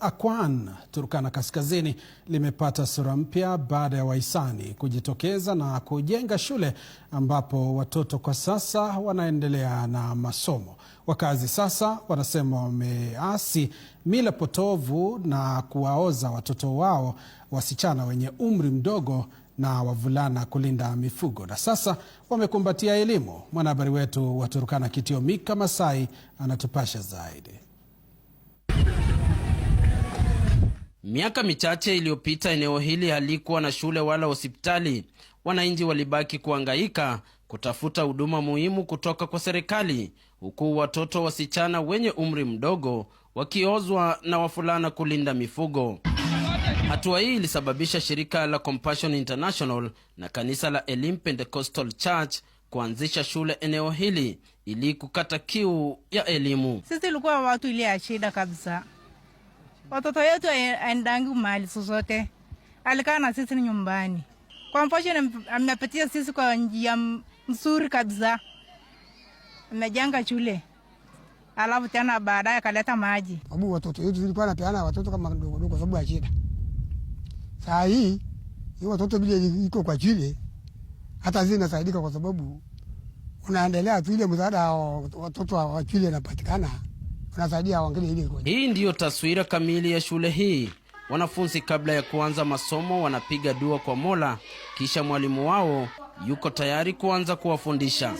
Akwan Turkana Kaskazini limepata sura mpya baada ya wahisani kujitokeza na kujenga shule ambapo watoto kwa sasa wanaendelea na masomo. Wakazi sasa wanasema wameasi mila potovu na kuwaoza watoto wao wasichana wenye umri mdogo na wavulana kulinda mifugo, na sasa wamekumbatia elimu. Mwanahabari wetu wa Turkana Kitio Mika Masai anatupasha zaidi. Miaka michache iliyopita eneo hili halikuwa na shule wala hospitali. Wananchi walibaki kuangaika kutafuta huduma muhimu kutoka kwa serikali, huku watoto wasichana wenye umri mdogo wakiozwa na wafulana kulinda mifugo. Hatua hii ilisababisha shirika la Compassion International na kanisa la Elim Pentecostal Church kuanzisha shule eneo hili ili kukata kiu ya elimu. Sisi ilikuwa watu ile ya shida kabisa Watoto wetu aendangi mali sosote alikaa na sisi nyumbani. Kwa mfano amepitia sisi kwa njia mzuri kabisa, amejenga shule alafu tena baadaye akaleta maji. Abu watoto wetu tulikuwa napeana watoto kama ndogo ndogo, sababu ya shida. Saa hii hii watoto bila iko kwa chile, hata zina nasaidika kwa sababu unaendelea tu ile msaada watoto wa shule anapatikana hii ndiyo taswira kamili ya shule hii. Wanafunzi kabla ya kuanza masomo wanapiga dua kwa Mola, kisha mwalimu wao yuko tayari kuanza kuwafundisha.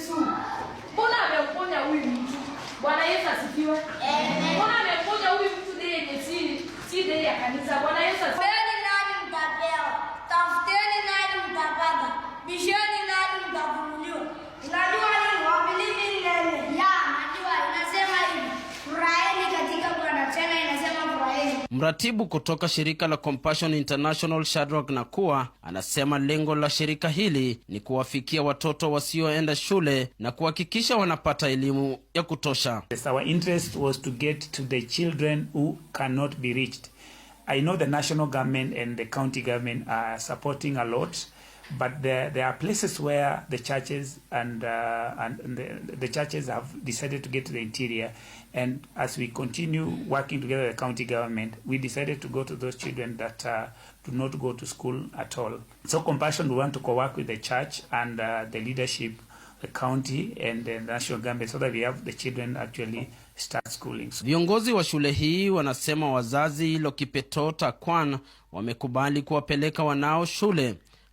Mratibu kutoka shirika la Compassion International Shadrack Nakua anasema lengo la shirika hili ni kuwafikia watoto wasioenda shule na kuhakikisha wanapata elimu ya kutosha. Yes, our interest was to get to the children who cannot be reached. I know the national government and the county government are supporting a lot but there there are places where the churches and uh, and the, the churches have decided to get to the interior and as we continue working together with the county government we decided to go to those children that uh, do not go to school at all so compassion we want to co-work with the church and uh, the leadership the county and the national government so that we have the children actually start schooling. so Viongozi wa shule hii wanasema wazazi Lokipetota Kwan wamekubali kuwapeleka wanao shule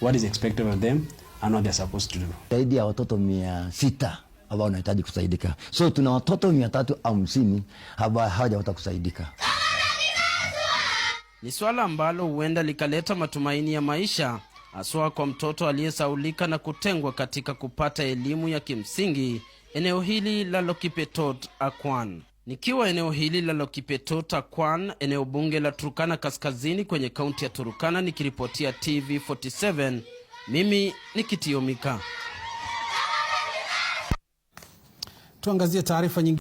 what is expected of them and what they're supposed to do. Zaidi ya watoto mia sita ambao wanahitaji kusaidika, so tuna watoto mia tatu hamsini ambao hawajapata kusaidika. Ni swala ambalo huenda likaleta matumaini ya maisha haswa kwa mtoto aliyesaulika na kutengwa katika kupata elimu ya kimsingi eneo hili la Lokipetot Akwan. Nikiwa eneo hili la Lokipetota Kwan, eneo bunge la turukana Kaskazini kwenye kaunti ya turukana nikiripotia TV 47, mimi ni Kitiomika. Tuangazie taarifa nyingine.